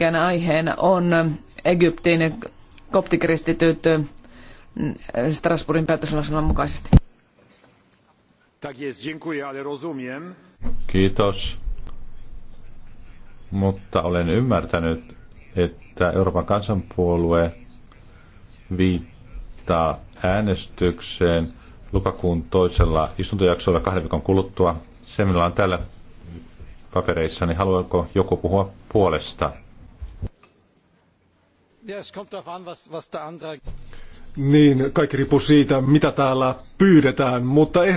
tärkeänä aiheena on Egyptin koptikristityt mm, Strasbourgin päätöslauselman mukaisesti. Kiitos. Mutta olen ymmärtänyt, että Euroopan kansanpuolue viittaa äänestykseen lukakuun toisella istuntojaksolla kahden viikon kuluttua. Se, on täällä papereissa, niin haluaako joku puhua puolesta? Niin, kaikki riippuu siitä, mitä täällä pyydetään, mutta ehdot